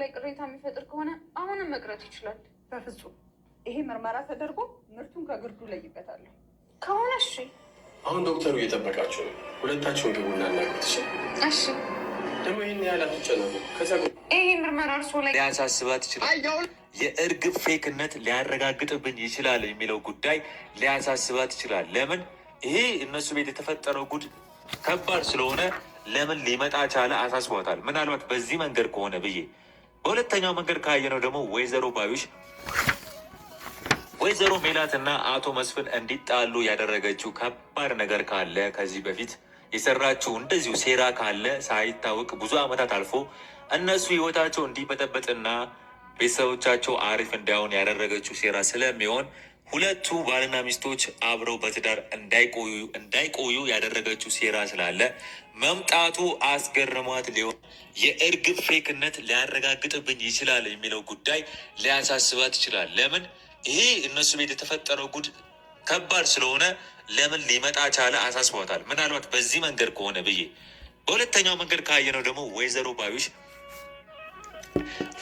ላይ ቅሬታ የሚፈጥር ከሆነ አሁንም መቅረት ይችላል። በፍጹም ይሄ ምርመራ ተደርጎ ምርቱን ከግርዱ ለይበታለሁ። ከሆነ እሺ። አሁን ዶክተሩ እየጠበቃቸው ነው። ሁለታቸውን ግቡ እናናገር እሺ ደግሞ ይህን ያህል አትጨነቁ። ከዛ ይህ ምርመራ እርሶ ላይ ሊያሳስባት ይችላል። የእርግብ ፌክነት ሊያረጋግጥብኝ ይችላል የሚለው ጉዳይ ሊያሳስባት ይችላል። ለምን ይሄ እነሱ ቤት የተፈጠረው ጉድ ከባድ ስለሆነ ለምን ሊመጣ ቻለ አሳስቧታል። ምናልባት በዚህ መንገድ ከሆነ ብዬ በሁለተኛው መንገድ ካየነው ደግሞ ወይዘሮ ባዩሽ ወይዘሮ ሜላት እና አቶ መስፍን እንዲጣሉ ያደረገችው ከባድ ነገር ካለ ከዚህ በፊት የሰራችው እንደዚሁ ሴራ ካለ ሳይታወቅ ብዙ ዓመታት አልፎ እነሱ ህይወታቸው እንዲበጠበጥና ቤተሰቦቻቸው አሪፍ እንዳይሆን ያደረገችው ሴራ ስለሚሆን ሁለቱ ባልና ሚስቶች አብረው በትዳር እንዳይቆዩ እንዳይቆዩ ያደረገችው ሴራ ስላለ መምጣቱ አስገርሟት ሊሆን የእርግብ ፌክነት ሊያረጋግጥብኝ ይችላል የሚለው ጉዳይ ሊያሳስባት ይችላል። ለምን ይሄ እነሱ ቤት የተፈጠረው ጉድ ከባድ ስለሆነ ለምን ሊመጣ ቻለ አሳስቧታል። ምናልባት በዚህ መንገድ ከሆነ ብዬ በሁለተኛው መንገድ ካየነው ደግሞ ወይዘሮ ባዩሽ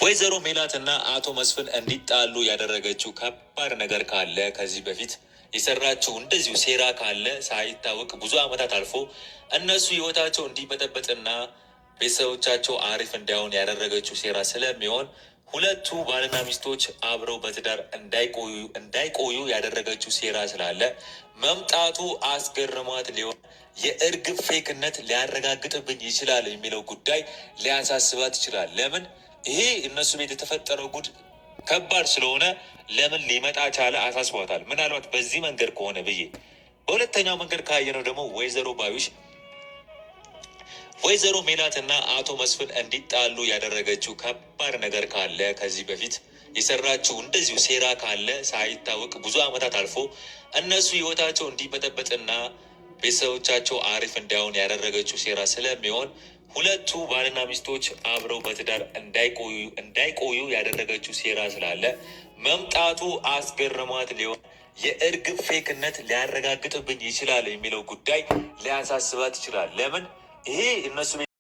ወይዘሮ ሜላትና አቶ መስፍን እንዲጣሉ ያደረገችው ከባድ ነገር ካለ ከዚህ በፊት የሰራችው እንደዚሁ ሴራ ካለ ሳይታወቅ ብዙ ዓመታት አልፎ እነሱ ህይወታቸው እንዲበጠበጥና ቤተሰቦቻቸው አሪፍ እንዳይሆን ያደረገችው ሴራ ስለሚሆን ሁለቱ ባልና ሚስቶች አብረው በትዳር እንዳይቆዩ እንዳይቆዩ ያደረገችው ሴራ ስላለ መምጣቱ አስገርማት ሊሆን የእርግብ ፌክነት ሊያረጋግጥብኝ ይችላል የሚለው ጉዳይ ሊያሳስባት ይችላል። ለምን ይሄ እነሱ ቤት የተፈጠረው ጉድ ከባድ ስለሆነ ለምን ሊመጣ ቻለ አሳስቧታል። ምናልባት በዚህ መንገድ ከሆነ ብዬ በሁለተኛው መንገድ ካየነው ደግሞ ወይዘሮ ባዩሽ ወይዘሮ ሜላትና አቶ መስፍን እንዲጣሉ ያደረገችው ከባድ ነገር ካለ ከዚህ በፊት የሰራችው እንደዚሁ ሴራ ካለ ሳይታወቅ ብዙ ዓመታት አልፎ እነሱ ህይወታቸው እንዲበጠበጥና ቤተሰቦቻቸው አሪፍ እንዳይሆን ያደረገችው ሴራ ስለሚሆን ሁለቱ ባልና ሚስቶች አብረው በትዳር እንዳይቆዩ እንዳይቆዩ ያደረገችው ሴራ ስላለ መምጣቱ አስገረማት ሊሆን የእርግብ ፌክነት ሊያረጋግጥብኝ ይችላል የሚለው ጉዳይ ሊያሳስባት ይችላል። ለምን ይሄ እነሱ